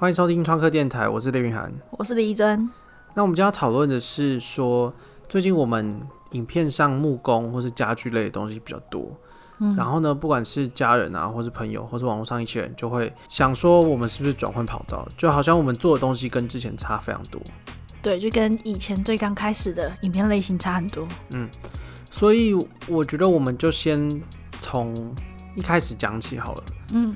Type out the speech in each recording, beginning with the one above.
歡迎收聽創客電台，我是李雲涵，我是李一真。那我們今天要討論的是說，最近我們影片上木工或是家具類的東西比較多。嗯，然後呢，不管是家人啊，或是朋友，或是網絡上一些人，就會想說，我們是不是轉換跑道？就好像我們做的東西跟之前差非常多。對，就跟以前最剛開始的影片類型差很多。嗯，所以我覺得我們就先從一開始講起好了。嗯，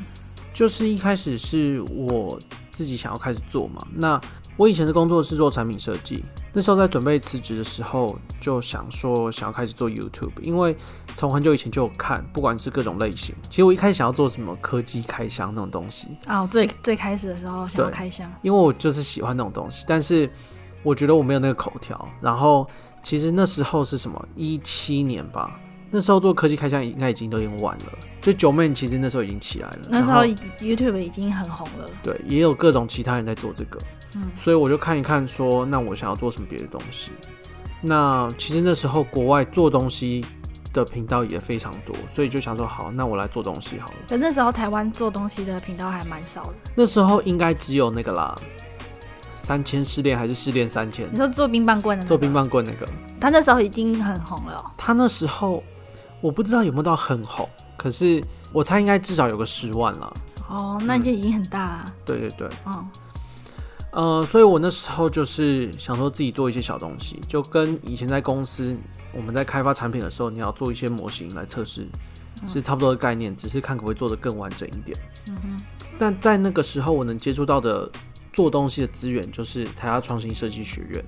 就是一開始是我。自己想要開始做嘛？那我以前的工作是做產品設計，那時候在準備辭職的時候，就想說想要開始做 YouTube，因為從很久以前就有看，不管是各種類型。其實我一開始想要做什麼科技開箱那種東西啊。哦，最最開始的時候想要開箱，因為我就是喜歡那種東西。但是我覺得我沒有那個口條，然後其實那時候是什麼一七年吧。那時候做科技開箱應該已經都已經晚了，就 Joeman 其實那時候已經起來了。那時候 YouTube 已經很紅了，對，也有各種其他人在做這個，嗯，所以我就看一看說，說那我想要做什麼別的東西。那其實那時候國外做東西的頻道也非常多，所以就想說好，那我來做東西好了。就那時候台灣做東西的頻道還蠻少的，那時候應該只有那個啦，三千試煉還是試煉三千？你說做冰棒棍的那個？做冰棒棍那個，他那時候已經很紅了喔？他那時候。我不知道有沒有到很紅。可是我猜應該至少有個十萬了。哦，那就已經很大了。嗯、對對對，嗯、哦，呃，所以我那時候就是想說自己做一些小東西，就跟以前在公司我們在開發產品的時候，你要做一些模型來測試，是差不多的概念，哦，只是看可不可以做得更完整一點。嗯嗯，哼。但在那個時候，我能接觸到的做東西的資源就是台大創新設計學院，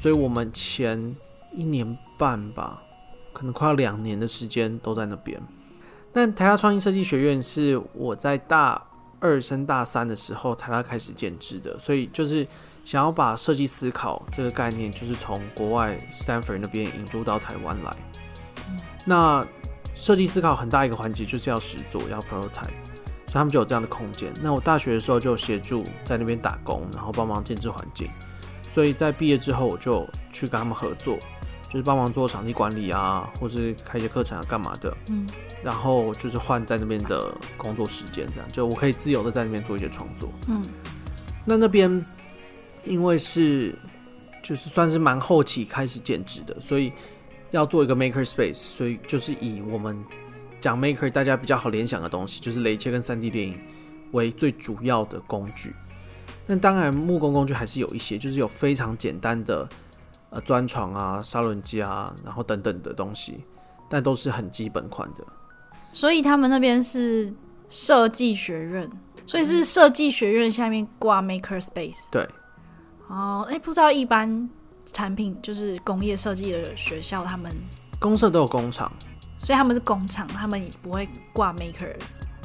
所以我們前一年半吧。可能快要兩年的時間都在那邊，但台大創新設計學院是我在大二升大三的時候，台大開始建置的，所以就是想要把設計思考這個概念，就是從國外 Stanford 那邊引入到台灣來。那設計思考很大一個環節就是要實作，要 prototype，所以他們就有這樣的空間。那我大學的時候就協助在那邊打工，然後幫忙建置環境，所以在畢業之後我就去跟他們合作。就是幫忙做場地管理啊，或是開一些課程啊，幹嘛的？嗯，然後就是換在那邊的工作時間，這樣就我可以自由的在那邊做一些創作。嗯，那那邊因為是就是算是蠻後期開始建置的，所以要做一個 maker space，所以就是以我們講 maker 大家比較好聯想的東西，就是雷切跟三 D 電影為最主要的工具。那當然木工工具還是有一些，就是有非常簡單的。呃，鑽床啊，砂輪機啊，然後等等的東西，但都是很基本款的。所以他們那邊是設計學院，所以是設計學院下面掛 Maker Space。對。哦，哎、欸，不知道一般產品就是工業設計的學校，他們公社都有工廠，所以他們是工廠，他們也不會掛 Maker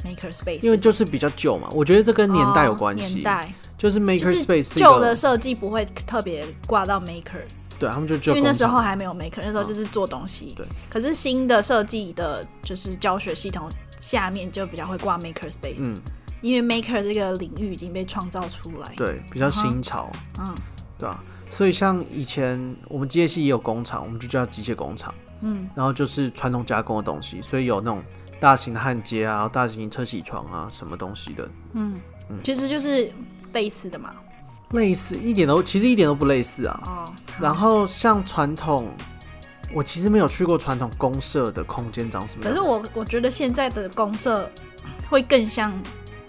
Maker Space，因為就是比較舊嘛。我覺得這跟年代有關係、哦，年代就是 Maker Space 舊的設計不會特別掛到 Maker。對，他們就因為那時候還沒有 maker，那時候就是做東西。啊、對。可是新的設計的就是教學系統下面就比較會掛 maker space，嗯。因為 maker 這個領域已經被創造出來。對，比較新潮。啊、嗯。對啊，所以像以前我們機械系也有工廠，我們就叫機械工廠。嗯。然後就是傳統加工的東西，所以有那種大型焊接啊，然後大型車銑床啊，什麼東西的。嗯，嗯，其實就是類似的嘛。類似一點都其實一點都不類似啊。哦，嗯，然後像傳統，我其實沒有去過傳統公社的空間長什麼樣。可是我我覺得現在的公社會更像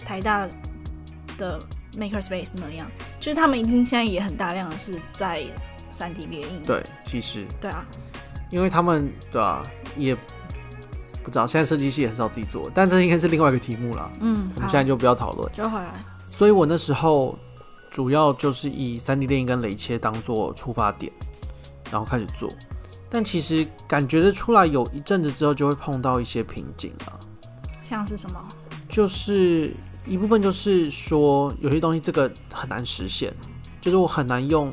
台大的 Maker Space 那樣，就是他們一定現在也很大量的是在三 D 列印。對，其實。對啊。因為他們對啊，也不知道現在設計系也很少自己做，但這應該是另外一個題目了。嗯，我們現在就不要討論，就好了。所以我那時候。主要就是以 3D 列印跟雷切當做出發點，然後開始做。但其實感覺得出來，有一陣子之後就會碰到一些瓶頸了啊。像是什麼？就是一部分就是說，有些東西這個很難實現，就是我很難用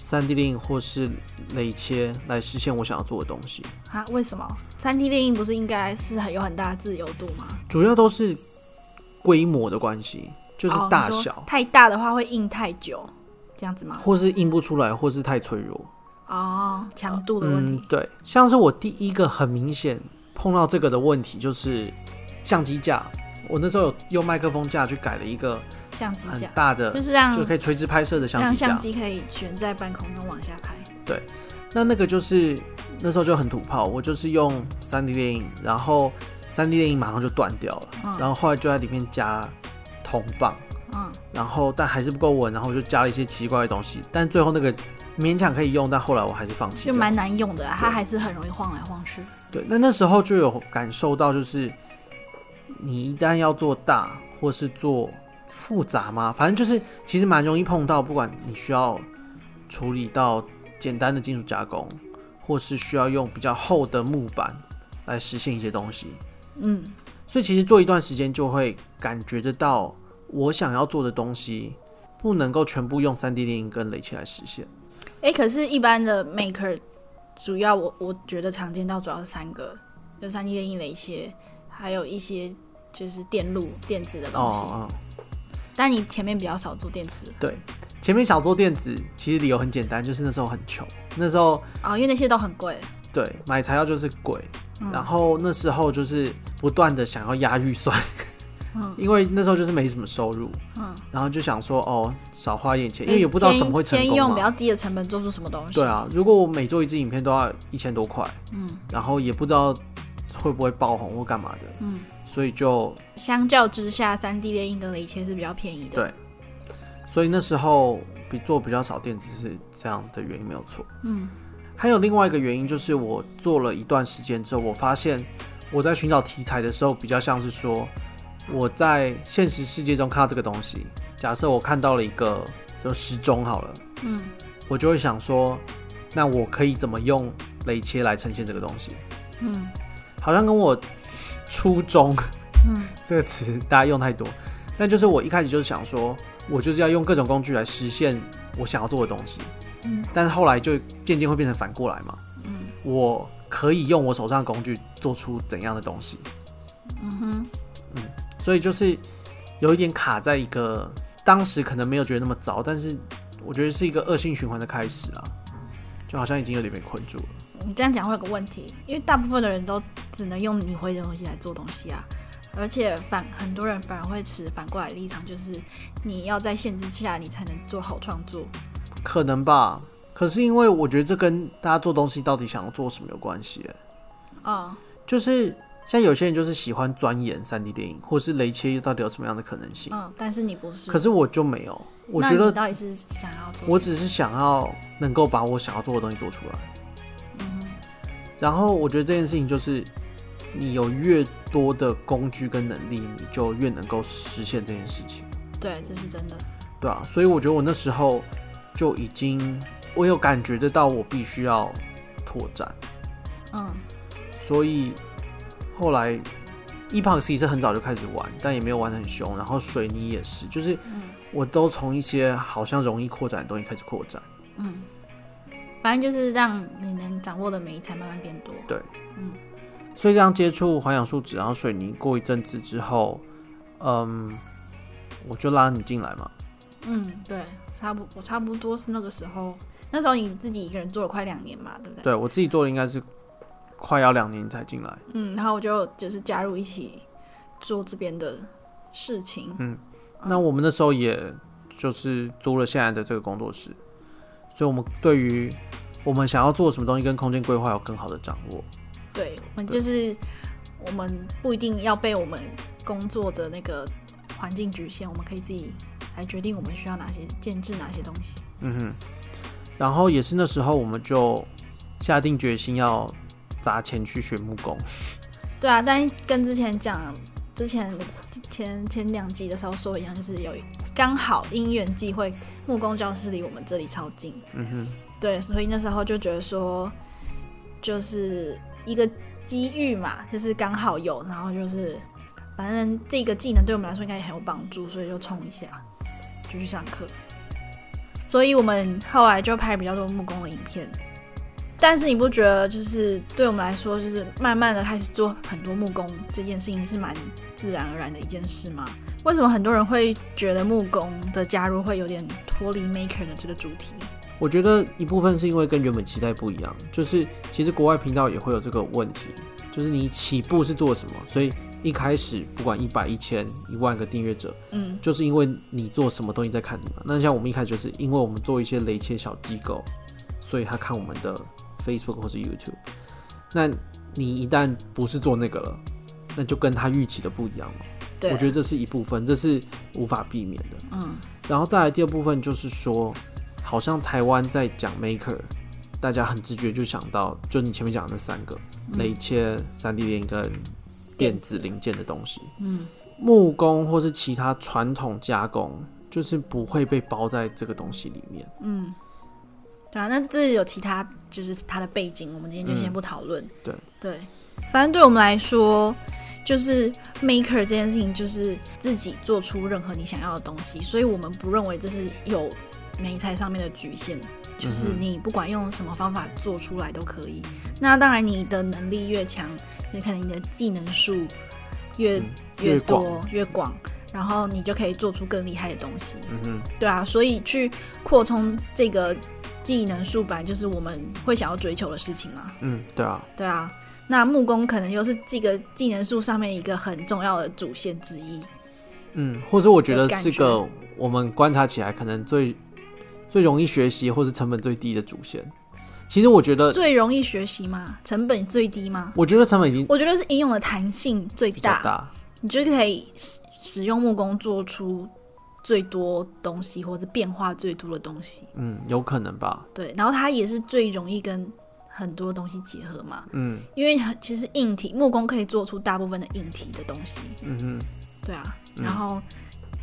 3D 列印或是雷切來實現我想要做的東西。啊？為什麼？3D 列印不是應該是很有很大的自由度嗎？主要都是規模的關係。就是大小、oh, 太大的話會印太久，這樣子嗎？或是印不出來，或是太脆弱哦，oh, 強度的問題、嗯。對，像是我第一個很明顯碰到這個的問題就是相機架，我那時候有用麥克風架去改了一個相機架、嗯，大的，就是這樣就可以垂直拍攝的相機架，讓相機可以懸在半空中往下拍。對，那那個就是那時候就很土炮，我就是用三 D 電影，然後三 D 電影馬上就斷掉了，嗯、然後後來就在裡面加。銅棒，嗯，然後但還是不夠穩，然後我就加了一些奇怪的東西，但最後那個勉強可以用，但後來我還是放棄了，就蠻難用的，它對還是很容易晃來晃去。對，那那時候就有感受到，就是你一旦要做大或是做複雜嘛，反正就是其實蠻容易碰到，不管你需要處理到簡單的金屬加工，或是需要用比較厚的木板來實現一些東西，嗯，所以其實做一段時間就會。感覺得到，我想要做的東西不能夠全部用三 D 列印跟雷切來實現。哎，可是，一般的 Maker 主要我我覺得常見到主要是三個，就三 D 列印、雷切，還有一些就是電路、電子的東西。哦哦。但你前面比較少做電子。對，前面少做電子，其實理由很簡單，就是那時候很窮。那時候。啊、哦，因為那些都很貴。對，買材料就是貴，嗯、然後那時候就是不斷的想要壓預算。嗯，因為那時候就是沒什麼收入，嗯，然後就想說哦，少花一點錢，因為也不知道什麼會成功嘛，先用比較低的成本做出什麼東西。對啊，如果我每做一支影片都要一千多塊，嗯，然後也不知道會不會爆紅或幹嘛的，嗯，所以就相較之下，三 D 列印跟雷切是比較便宜的，對，所以那時候比做比較少電子是這樣的原因沒有錯，嗯，還有另外一個原因就是我做了一段時間之後，我發現我在尋找題材的時候比較像是說。我在現實世界中看到這個東西，假設我看到了一個就說時鐘好了，嗯，我就會想說，那我可以怎麼用雷切來呈現這個東西？嗯，好像跟我初衷，嗯，這個詞大家用太多，但就是我一開始就是想說，我就是要用各種工具來實現我想要做的東西，嗯，但是後來就漸漸會變成反過來嘛，嗯，我可以用我手上的工具做出怎樣的東西？嗯哼。所以就是有一點卡在一個，當時可能沒有覺得那麼糟，但是我覺得是一個惡性循環的開始啊，就好像已經有點被困住了。你這樣講會有個問題，因為大部分的人都只能用你會的東西來做東西啊，而且反很多人反而會持反過來的立場，就是你要在限制下你才能做好創作。可能吧，可是因為我覺得這跟大家做東西到底想要做什麼有關係哦、欸，oh. 就是。像有些人就是喜歡鑽研 3D 電影，或者是雷切到底有什麼樣的可能性？嗯、哦，但是你不是，可是我就沒有。我覺得你到底是想要做，我只是想要能夠把我想要做的東西做出來。嗯哼，然後我覺得這件事情就是，你有越多的工具跟能力，你就越能夠實現這件事情。對，這是真的。對啊，所以我覺得我那時候就已經，我有感覺得到我必須要拓展。嗯，所以。後來 Epoxy 是很早就開始玩，但也沒有玩很凶。然後水泥也是，就是我都從一些好像容易擴展的東西開始擴展。嗯，反正就是讓你能掌握的媒材慢慢變多。對，嗯，所以這樣接觸環氧樹脂，然後水泥，過一陣子之後，嗯，我就拉你進來嘛。嗯，對，差不，我差不多是那個時候，那時候你自己一個人做了快兩年嘛，對不對？對，我自己做的應該是快要兩年才進來，嗯，然後我就就是加入一起做這邊的事情，嗯，那我們那時候也就是租了現在的這個工作室，所以我們對於我們想要做什麼東西跟空間規劃有更好的掌握，對，我們就是對我們不一定要被我們工作的那個環境局限，我們可以自己來決定我們需要哪些建置、哪些東西，嗯哼，然後也是那時候我們就下定決心要。砸錢去學木工，對啊，但跟之前講之前前前兩集的時候說一樣，就是有剛好因緣際會，木工教室離我們這裡超近，嗯哼，對，所以那時候就覺得說，就是一個機遇嘛，就是剛好有，然後就是反正這個技能對我們來說應該也很有幫助，所以就衝一下就去上課，所以我們後來就拍比較多木工的影片。但是你不覺得就是對我們來說，就是慢慢的開始做很多木工這件事情是蠻自然而然的一件事嗎？為什麼很多人會覺得木工的加入會有點脫離 Maker 的這個主題？我覺得一部分是因為跟原本期待不一樣，就是其實國外頻道也會有這個問題，就是你起步是做什麼，所以一開始不管一百、一千、一萬個訂閱者，嗯，就是因為你做什麼東西在看你嘛。那像我們一開始就是因為我們做一些雷切小機構，所以他看我們的。Facebook 或是 YouTube，那你一旦不是做那個了，那就跟他預期的不一樣了。對我覺得這是一部分，這是無法避免的。嗯，然後再來第二部分就是說，好像台灣在講 Maker，大家很直覺就想到，就你前面講的那三個，雷切、3D 列印跟電子零件的東西。嗯，木工或是其他傳統加工，就是不會被包在這個東西裡面。嗯。對啊，那這有其他就是它的背景，我們今天就先不討論。嗯。對對，反正對我們來說，就是 maker 這件事情，就是自己做出任何你想要的東西，所以我們不認為這是有媒材上面的局限，就是你不管用什麼方法做出來都可以。嗯、哼那當然，你的能力越強，你可能你的技能樹越、嗯、越多越廣廣，然後你就可以做出更厲害的東西。嗯哼對啊，所以去擴充這個。技能樹本來就是我們會想要追求的事情嘛？嗯，對啊，對啊。那木工可能又是這個技能樹上面一個很重要的主線之一。嗯，或者我覺得是個我們觀察起來可能最最容易學習，或是成本最低的主線。其實我覺得最容易學習嗎？成本最低嗎？我覺得成本已經，我覺得是應用的彈性最大，大你就可以使用木工做出。最多東西，或者是變化最多的東西，嗯，有可能吧。對，然後它也是最容易跟很多東西結合嘛。嗯，因為其實硬體木工可以做出大部分的硬體的東西。嗯嗯哼，對啊。然後，嗯、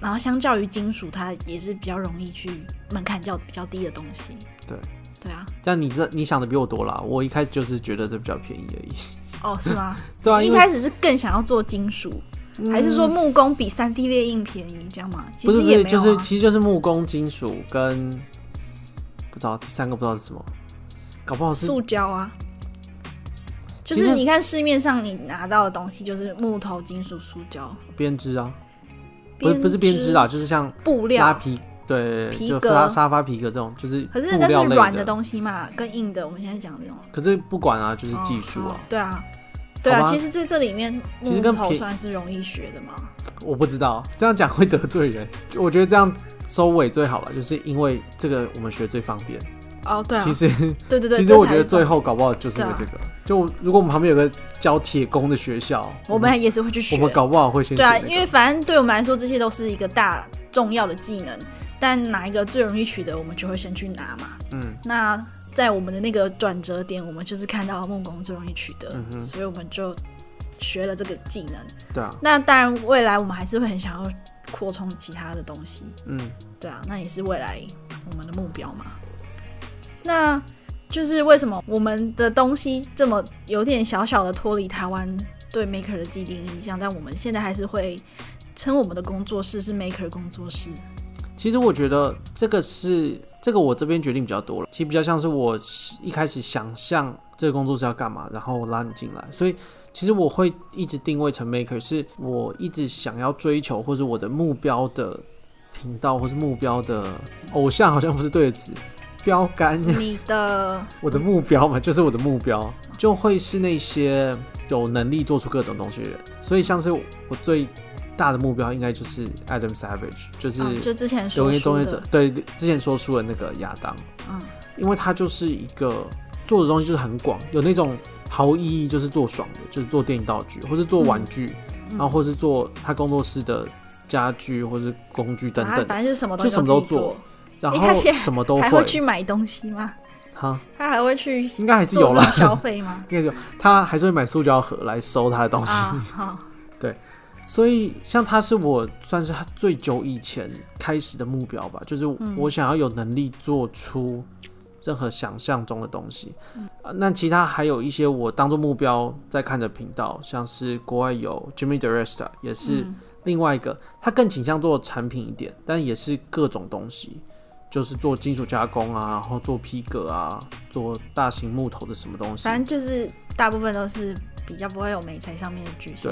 然後相較於金屬，它也是比較容易去門檻較比較低的東西。對，對啊。但你這你想的比我多啦。我一開始就是覺得這比較便宜而已。哦，是嗎？ 對啊，一開始是更想要做金屬。嗯、還是說木工比三 D 列印便宜，這樣嗎？其實也沒有啊、不是就是其實就是木工金屬、金屬跟不知道第三個不知道是什麼，搞不好是塑膠啊。就是你看市面上你拿到的東西，就是木頭金屬塑膠、金屬、塑膠、編織啊，不是不是編織啊，就是像拉皮布料、皮對，對,對、皮革、沙發皮革這種，就是可是那是軟的東西嘛，跟硬的我們現在講這種，可是不管啊，就是技術啊、哦嗯，對啊。對啊，吧其實在這裡面，其實跟跑算是容易學的嗎？我不知道，這樣講會得罪人。我覺得這樣收尾最好了，就是因為這個我們學最方便。哦，對、啊，其實對對對，其實我覺得最後搞不好就是這個。啊、就如果我們旁邊有個教鐵工的學校，我們,我們也是會去學。我們搞不好會先學、那個、對啊，因為反正對我們來說這些都是一個大重要的技能，但哪一個最容易取得，我們就會先去拿嘛。嗯，那。在我們的那個轉折點，我們就是看到木工最容易取得，嗯、哼所以我們就學了這個技能。對啊，那當然未來我們還是會很想要擴充其他的東西。嗯，對啊，那也是未來我們的目標嘛。那就是為什麼我們的東西這麼有點小小的脫離台灣對 maker 的既定印象，但我們現在還是會稱我們的工作室是 maker 工作室。其實我覺得這個是。這個我這邊決定比較多了，其實比較像是我一開始想象這個工作是要幹嘛，然後我拉你進來。所以其實我會一直定位成 maker，是我一直想要追求或是我的目標的頻道，或是目標的偶像，好像不是對的詞，標杆。你的 我的目標嘛，就是我的目標，就會是那些有能力做出各種東西的人。所以像是我最大的目標應該就是 Adam Savage，就是、嗯、就之前說，對，之前說出的那個亞當，嗯，因為他就是一個做的東西就是很廣，有那種毫無意義就是做爽的，就是做電影道具或是做玩具，嗯、然後或是做他工作室的家具或是工具等等，反正是什麼東西都做。欸、然後什麼都會，他現還會去買東西嗎？哈蛤，他還會去應該還是有消費嗎？ 應該有，他還是會買塑膠盒來收他的東西。啊、 對。所以，像他是我算是最久以前開始的目標吧，就是我想要有能力做出任何想象中的東西，嗯啊。那其他還有一些我當做目標在看的頻道，像是國外有 Jimmy Diresta 也是另外一個，嗯、他更傾向做產品一點，但也是各種東西，就是做金屬加工啊，然後做皮革啊，做大型木頭的什麼東西。反正就是大部分都是比較不會有美材上面的局限。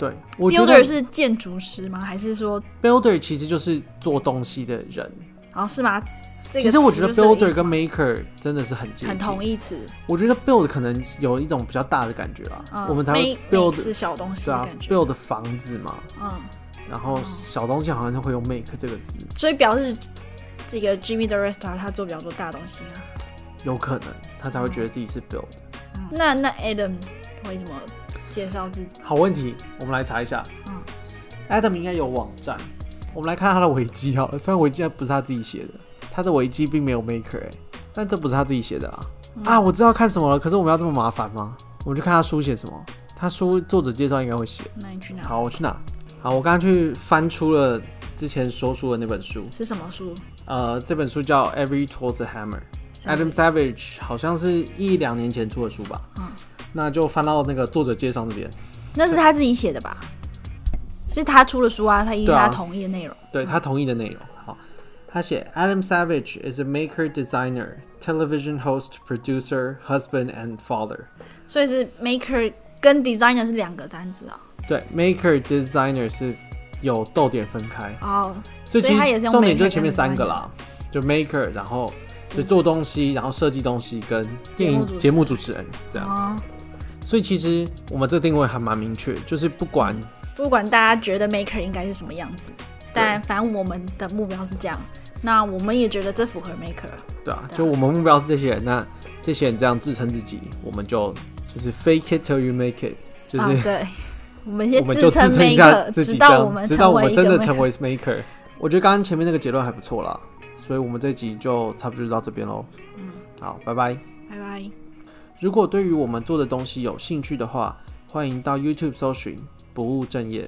對，builder 是建築師嗎？還是說 builder 其實就是做東西的人？然後是嗎？其實我覺得 builder 跟 maker 真的是很近，很同義詞。我覺得 build 可能有一種比較大的感覺啊，我們才會 build 是小東西，build 的房子嘛。嗯，然後小東西好像就會用 make 這個字，所以表示這個 Jimmy Diresta 他做比較多大東西啊，有可能他才會覺得自己是 build。那那 Adam 為什麼？介紹自己。好問題，我們來查一下。嗯，Adam 應該有網站，我們來看，看他的維基好了。雖然維基不是他自己寫的，他的維基並沒有 Maker，、欸、但這不是他自己寫的啊！嗯、啊，我知道看什麼了，可是我們要這麼麻煩嗎？我們去看他書寫什麼，他書作者介紹應該會寫。那你去哪？好，我去哪？好，我剛剛去翻出了之前說書的那本書是什麼書？呃，這本書叫《Every Tool's a Hammer》，Adam Savage 好像是一兩年前出的書吧？嗯。那就翻到那個作者介紹那邊，那是他自己寫的吧？對所以他出了書啊，他依他同意的內容，對、啊、嗯、對他同意的內容。好，他寫 Adam Savage is a maker, designer, television host, producer, husband, and father。所以是 maker 跟 designer 是兩個單字啊？哦？對，maker designer 是有逗點分開哦。Oh, 所以其實重點就前，他也是就前面三個啦，就 maker，然後就做東西，的然後設計東西，跟電影節目主持人、主持人這樣。哦所以其實我們這個定位還蠻明確，就是不管不管大家覺得 maker 應該是什麼樣子，但反正我們的目標是這樣。那我們也覺得這符合 maker，對啊，對就我們目標是這些人，那這些人這樣支撐自己，我們就就是 fake it till you make it，就是、啊、對，我們先支撐 a k e r 直到我們真的成為 maker。 我覺得剛剛前面那個結論還不錯啦，所以我們這集就差不多就到這邊嘍。嗯，好，拜拜，拜拜。如果對於我們做的東西有興趣的話，歡迎到 YouTube 搜尋“不務正業”。